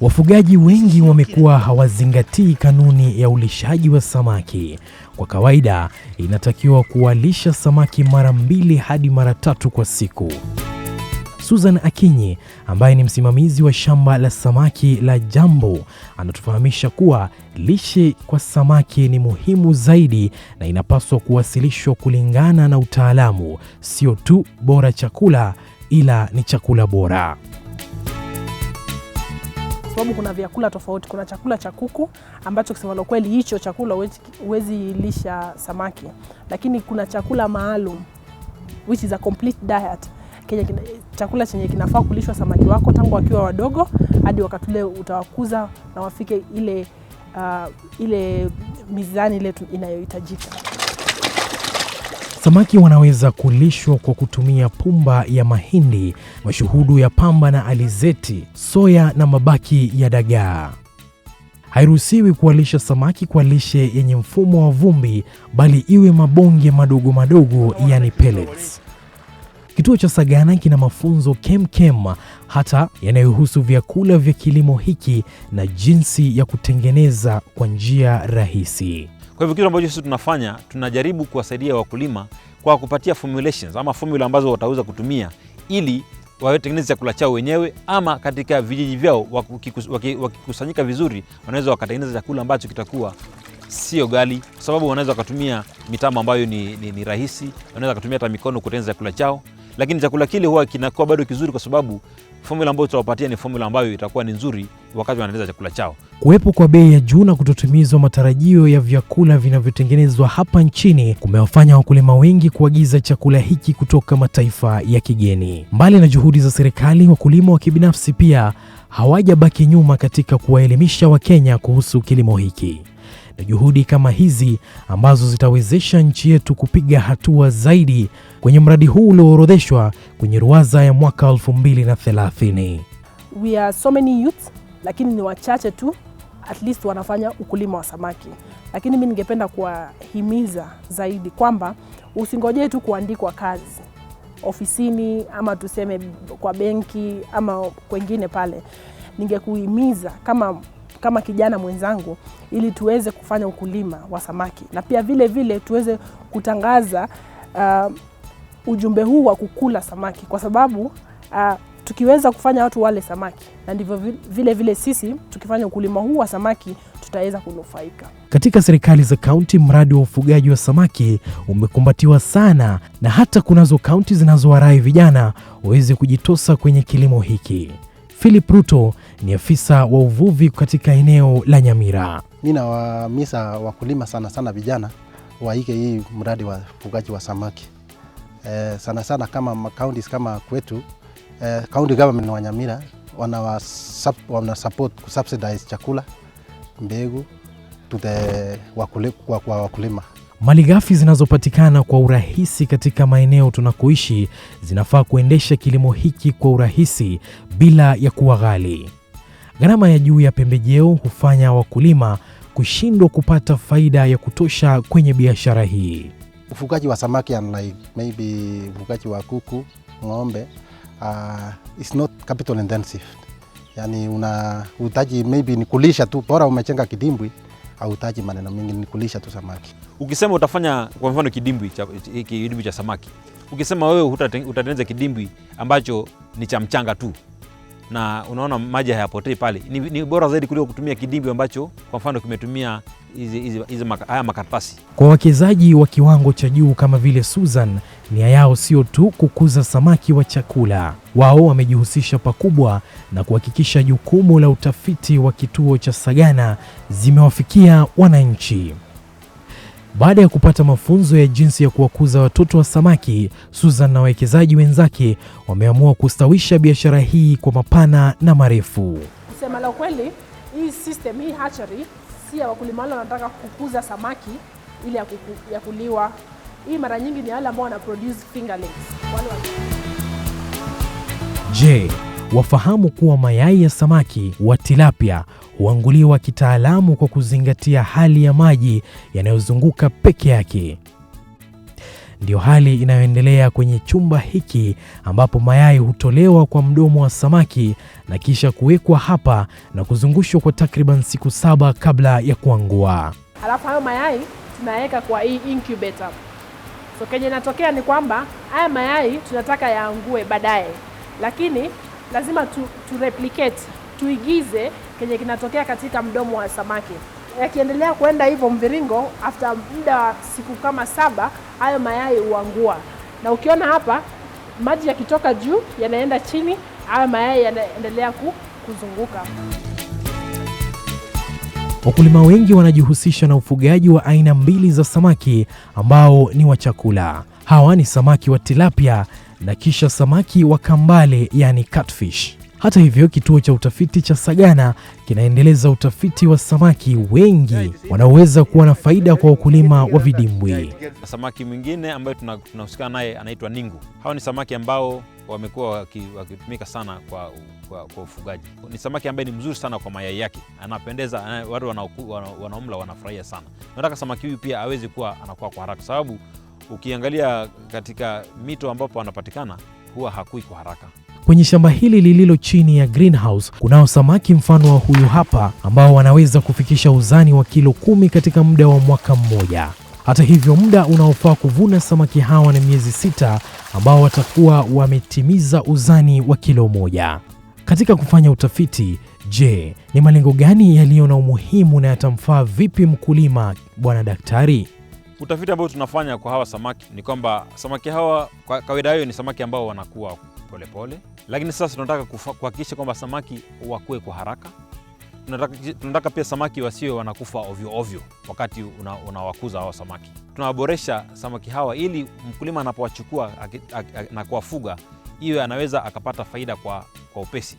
Wafugaji wengi wamekuwa hawazingatii kanuni ya ulishaji wa samaki. Kwa kawaida, inatakiwa kuwalisha samaki mara mbili hadi mara tatu kwa siku. Susan Akinyi ambaye ni msimamizi wa shamba la samaki la Jambo anatufahamisha kuwa lishe kwa samaki ni muhimu zaidi na inapaswa kuwasilishwa kulingana na utaalamu, sio tu bora chakula ila ni chakula bora sababu kuna vyakula tofauti. Kuna chakula cha kuku ambacho kusema la kweli hicho chakula huwezi lisha samaki, lakini kuna chakula maalum which is a complete diet Kenya, chakula chenye kinafaa kulishwa samaki wako tangu wakiwa wadogo hadi wakati ule utawakuza na wafike ile, uh, ile mizani ile inayohitajika. Samaki wanaweza kulishwa kwa kutumia pumba ya mahindi, mashuhudu ya pamba na alizeti, soya na mabaki ya dagaa. Hairuhusiwi kuwalisha samaki kwa lishe yenye mfumo wa vumbi, bali iwe mabonge madogo madogo, yani pellets. Kituo cha Sagana kina mafunzo kemkem hata yanayohusu vyakula vya kilimo hiki na jinsi ya kutengeneza kwa njia rahisi. Kwa hivyo kitu ambacho sisi tunafanya, tunajaribu kuwasaidia wakulima kwa kupatia formulations ama formula ambazo wataweza kutumia ili watengeneze chakula chao wenyewe, ama katika vijiji vyao wakikusanyika vizuri, wanaweza wakatengeneza chakula ambacho kitakuwa sio ghali, kwa sababu wanaweza wakatumia mitambo ambayo ni, ni, ni rahisi. Wanaweza wakatumia hata mikono kutengeneza chakula chao, lakini chakula kile huwa kinakuwa bado kizuri, kwa sababu formula ambayo tutawapatia ni formula ambayo itakuwa ni nzuri wakati wanatengeneza chakula chao. Kuwepo kwa bei ya juu na kutotimizwa matarajio ya vyakula vinavyotengenezwa hapa nchini kumewafanya wakulima wengi kuagiza chakula hiki kutoka mataifa ya kigeni. Mbali na juhudi za serikali, wakulima wa kibinafsi pia hawajabaki nyuma katika kuwaelimisha Wakenya kuhusu kilimo hiki. Na juhudi kama hizi ambazo zitawezesha nchi yetu kupiga hatua zaidi kwenye mradi huu ulioorodheshwa kwenye ruwaza ya mwaka 2030. We are so many youth, lakini ni wachache tu at least wanafanya ukulima wa samaki. Lakini mimi ningependa kuwahimiza zaidi kwamba usingojee tu kuandikwa kazi ofisini ama tuseme kwa benki ama kwengine pale. Ningekuhimiza kama, kama kijana mwenzangu ili tuweze kufanya ukulima wa samaki na pia vile vile tuweze kutangaza uh, ujumbe huu wa kukula samaki kwa sababu uh, tukiweza kufanya watu wale samaki, na ndivyo vile vile sisi tukifanya ukulima huu wa samaki tutaweza kunufaika. Katika serikali za kaunti, mradi wa ufugaji wa samaki umekumbatiwa sana, na hata kunazo kaunti zinazowarai vijana waweze kujitosa kwenye kilimo hiki. Philip Ruto ni afisa wa uvuvi katika eneo la Nyamira. Mi nawamisa wakulima sana sana vijana waike hii mradi wa ufugaji wa samaki. Eh, sana sana kama kaunti kama kwetu eh, county government wa Nyamira wana wana support ku subsidize chakula, mbegu to the wakulima. Malighafi zinazopatikana kwa urahisi katika maeneo tunakoishi zinafaa kuendesha kilimo hiki kwa urahisi bila ya kuwa ghali. Gharama ya juu ya pembejeo hufanya wakulima kushindwa kupata faida ya kutosha kwenye biashara hii. Ufugaji wa samaki unlike maybe ufugaji wa kuku, ng'ombe uh, is not capital intensive. Yani una uhitaji maybe ni kulisha tu, bora umechenga kidimbwi utaji maneno mengi, ni kulisha tu samaki. Ukisema utafanya kwa mfano kidimbwi cha, kidimbwi cha samaki, ukisema wewe utatengeneza kidimbwi ambacho ni cha mchanga tu na unaona maji hayapotei pale, ni, ni bora zaidi kuliko kutumia kidimbwi ambacho kwa mfano kimetumia haya makaratasi. Kwa wawekezaji wa kiwango cha juu kama vile Susan, nia yao sio tu kukuza samaki wa chakula. Wao wamejihusisha pakubwa na kuhakikisha jukumu la utafiti wa kituo cha Sagana zimewafikia wananchi. Baada ya kupata mafunzo ya jinsi ya kuwakuza watoto wa samaki, Susan na wawekezaji wenzake wameamua kustawisha biashara hii kwa mapana na marefu. Kusema la kweli, hii system hii hatchery uhalisia wakulima wale wanataka kukuza samaki ili ya, ya kuliwa. Hii mara nyingi ni wale ambao wana produce fingerlings. Wale Je, wafahamu kuwa mayai ya samaki wa tilapia huanguliwa kitaalamu kwa kuzingatia hali ya maji yanayozunguka peke yake. Ndiyo hali inayoendelea kwenye chumba hiki ambapo mayai hutolewa kwa mdomo wa samaki na kisha kuwekwa hapa na kuzungushwa kwa takriban siku saba kabla ya kuangua. Alafu hayo mayai tunaweka kwa hii incubator. So kenye inatokea ni kwamba haya mayai tunataka yaangue baadaye, lakini lazima tu, tu replicate tuigize kenye kinatokea katika mdomo wa samaki. Yakiendelea kuenda hivyo mviringo, after muda wa siku kama saba hayo mayai huangua, na ukiona hapa maji yakitoka juu yanaenda chini, hayo mayai yanaendelea kuzunguka. Wakulima wengi wanajihusisha na ufugaji wa aina mbili za samaki ambao ni wa chakula. Hawa ni samaki wa tilapia na kisha samaki wa kambale, yani catfish. Hata hivyo, kituo cha utafiti cha Sagana kinaendeleza utafiti wa samaki wengi wanaoweza kuwa na faida kwa wakulima wa vidimbwi. Samaki mwingine ambayo tunahusikana naye anaitwa ningu. Hawa ni samaki ambao wamekuwa wakitumika sana kwa, kwa, kwa ufugaji. Ni samaki ambaye ni mzuri sana kwa mayai yake, anapendeza, watu wanaumla wanafurahia sana. Nataka samaki huyu pia awezi kuwa anakuwa kwa haraka, sababu ukiangalia katika mito ambapo anapatikana huwa hakui kwa haraka. Kwenye shamba hili lililo chini ya greenhouse, kunao samaki mfano wa huyu hapa ambao wanaweza kufikisha uzani wa kilo kumi katika muda wa mwaka mmoja. Hata hivyo, muda unaofaa kuvuna samaki hawa ni miezi sita ambao watakuwa wametimiza uzani wa kilo moja. Katika kufanya utafiti, je, ni malengo gani yaliyo na umuhimu na yatamfaa vipi mkulima, bwana daktari? Utafiti ambao tunafanya kwa hawa samaki ni kwamba samaki hawa kwa kawaida hiyo ni samaki ambao wanakuwa polepole pole lakini sasa tunataka kuhakikisha kwamba samaki wakue kwa haraka. Tunataka, tunataka pia samaki wasio wanakufa ovyo ovyo wakati unawakuza una hao samaki. Tunawaboresha samaki hawa ili mkulima anapowachukua na kuwafuga iwe anaweza akapata faida kwa, kwa upesi.